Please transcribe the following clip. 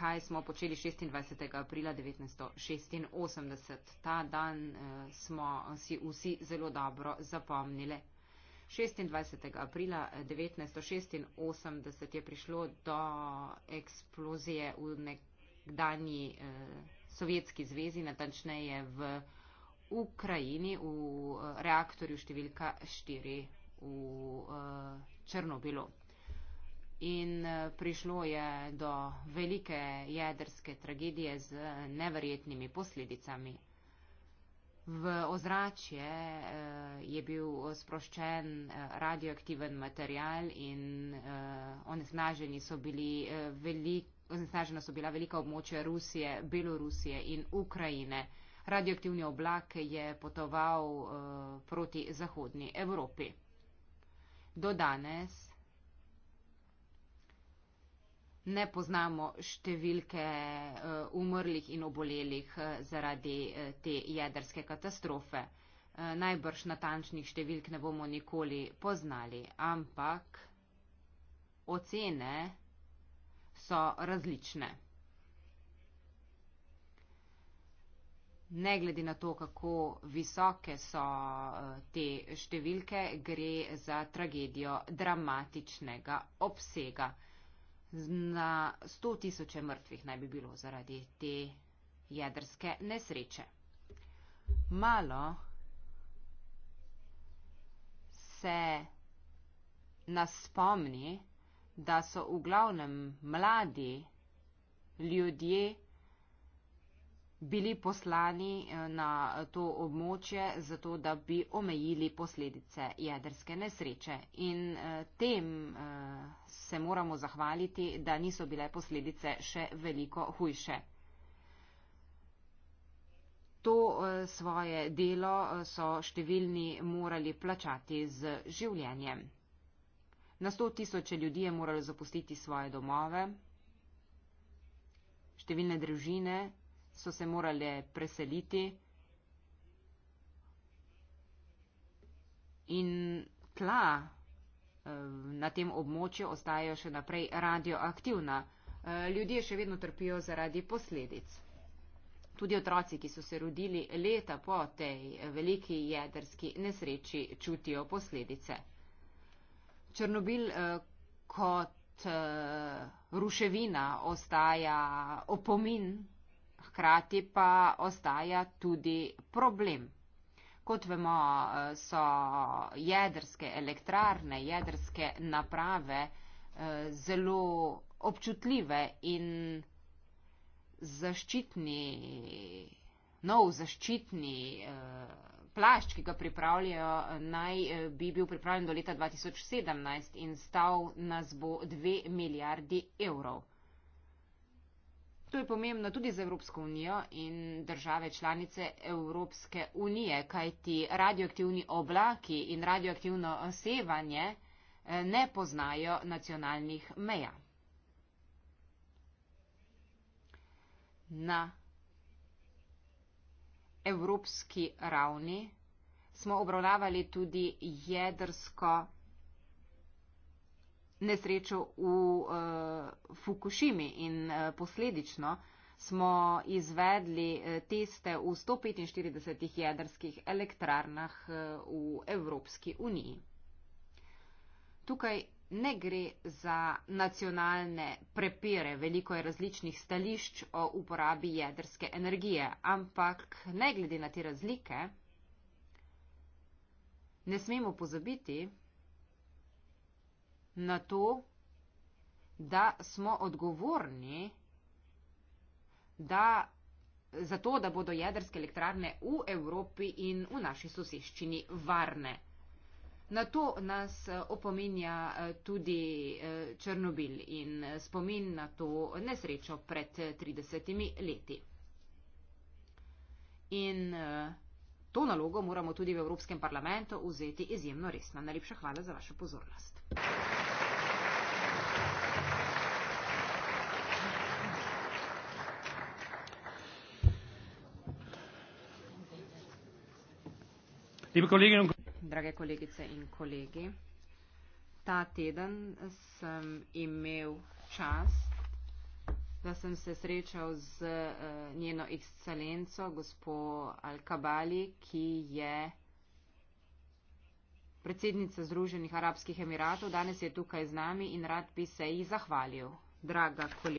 kaj smo počeli 26. aprila 1986. Ta dan eh, smo si vsi zelo dobro zapomnili. 26. aprila 1986 eh, je prišlo do eksplozije v nekdanji eh, Sovjetski zvezi, natančneje v Ukrajini, v reaktorju številka 4 v Črnobilu in eh, prišlo je do velike jedrske tragedije z neverjetnimi posledicami. V ozračje eh, je bil sproščen eh, radioaktiven material in onesnaženi so bili veliki. Oznesnažena so bila velika območja Rusije, Belorusije in Ukrajine. Radioaktivni oblak je potoval uh, proti zahodni Evropi. Do danes ne poznamo številke eh, umrlih in obolelih eh, zaradi eh, te jedrske katastrofe. Najbrž natančnih številk ne bomo nikoli poznali, ampak ocene so različne. Ne glede na to, kako visoke so te številke, gre za tragedijo dramatičnega obsega. Na sto tisoče mrtvih naj bi bilo zaradi te jedrske nesreče. Malo se nas spomni, da so v glavnem mladi ljudje, bili poslani eh, na to območje, zato da bi omejili posledice jedrske nesreče. In eh, tem eh, se moramo zahvaliti, da niso bile posledice še veliko hujše. To svoje delo so številni morali plačati z življenjem. Na sto tisoče ljudi je moralo zapustiti svoje domove, številne družine, so se morali preseliti. In tla eh, na tem območju ostajajo še naprej radioaktivna. Eh, ljudje še vedno trpijo zaradi posledic. Tudi otroci, ki so se rodili leta po tej veliki jedrski nesreči, čutijo posledice. Črnobil eh, kot ruševina ostaja opomin hkrati pa ostaja tudi problem. Kot vemo, so jedrske elektrarne, jedrske naprave eh, zelo občutljive in zaščitni, nov zaščitni eh, plašč, ki ga pripravljajo, naj eh, bi bil pripravljen do leta 2017 in stal nas bo 2 milijardi evrov. To je pomembno tudi za Evropsko unijo in države članice Evropske unije, kajti radioaktivni oblaki in radioaktivno sevanje eh, ne poznajo nacionalnih meja. Na evropski ravni smo obravnavali tudi jedrsko nesrečo v uh, Fukushimi in uh, posledično smo izvedli eh, teste v 145 jedrskih elektrarnah v Evropski uniji. Tukaj ne gre za nacionalne prepire, veliko je različnih stališč o uporabi jedrske energije, ampak ne glede na te razlike, ne smemo pozabiti, na to, da smo odgovorni da, za to, da bodo jedrske elektrarne v Evropi in v naši soseščini varne. Na to nas eh, opominja eh, tudi eh, Črnobil in spomin na to nesrečo pred 30 leti. In uh, To nalogo moramo tudi v Evropskem parlamentu vzeti izjemno resno. Najlepša hvala za vašo pozornost. Drage kolegice in kolegi, ta teden sem imel čast da sem se srečal z eh, njeno ekscelenco, gospo Al-Kabali, ki je predsednica Združenih arabskih emiratov. Danes je tukaj z nami in rad bi se ji zahvalil, draga kolega.